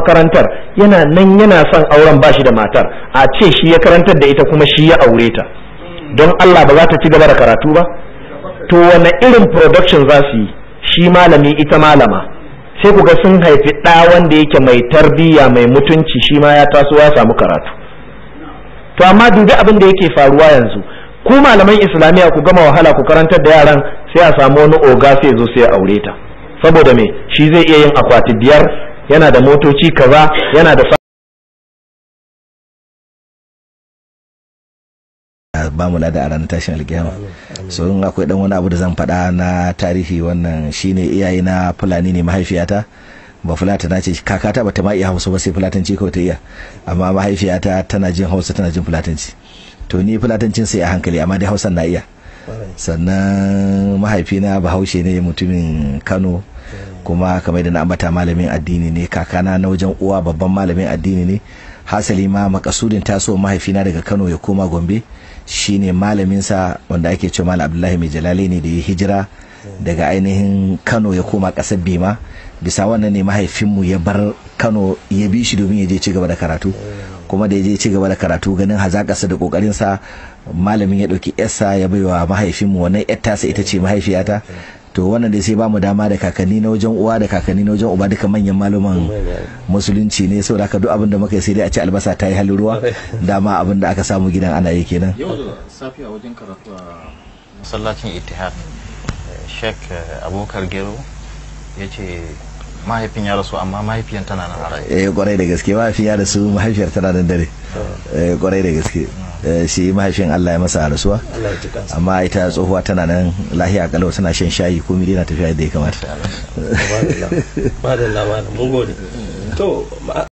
makarantar yana nan yana son auren ba shi da matar a ce shi ya karantar da ita kuma shi ya aure ta don Allah ba za ta ci gaba da karatu ba to wani irin production za su yi shi malami ita malama sai ku ga sun haifi ɗa wanda yake mai tarbiyya mai mutunci shi ma ya taso ya samu karatu to amma dubi abin da yake faruwa yanzu ku malaman islamiyya ku gama wahala ku karantar da yaran sai a samu wani oga sai zo sai ya aure ta saboda me shi zai iya yin akwati biyar yana da motoci kaza yana da ba mu lada a ranar tashin alkiyama so in akwai dan wani abu da zan faɗa na tarihi wannan shine iyaye na fulani ne mahaifiyata ba fulata na ce kaka ta bata ma iya hausa ba sai fulatanci kawai ta iya amma mahaifiyata tana jin hausa tana jin fulatanci to ni fulatancin sai a hankali amma dai hausa na iya sannan mahaifina bahaushe ne mutumin kano kuma kamar da na ambata malamin addini ne kakana na wajen uwa babban malamin addini ne hasali ma makasudin taso mahaifina daga kano ya koma gombe shine malaminsa wanda ake cewa malam abdullahi mai jalali ne da ya hijira daga ainihin kano ya koma kasar bima bisa wannan ne mahaifinmu ya bar kano ya bi shi domin ya je ci gaba da karatu kuma da ya je ci gaba da karatu ganin hazaƙarsa da ƙoƙarinsa malamin ya ɗauki yarsa ya baiwa mahaifinmu wannan yar tasa ita ce mahaifiyata to wannan dai sai ba mu dama da kakanni na wajen uwa da kakanni na wajen uba duka manyan maluman musulunci ne saboda haka duk abin da muka yi sai dai a ci albasa ta yi halin ruwa dama abin da aka samu gidan ana yi kenan yau da safiya wajen karatu a masallacin ittihad eh, sheik eh, abubakar gero ya ce mahaifin ya rasu amma mahaifiyan tana nan a raye eh kwarai da gaske mahaifin ya su mahaifiyar tana nan dare eh kwarai da gaske mm. Eh, shi mahaifin Allah ya masa rasuwa amma ita tsohuwa tana nan lahiya kalau tana shan shayi ko miri na tafiya da ya kamata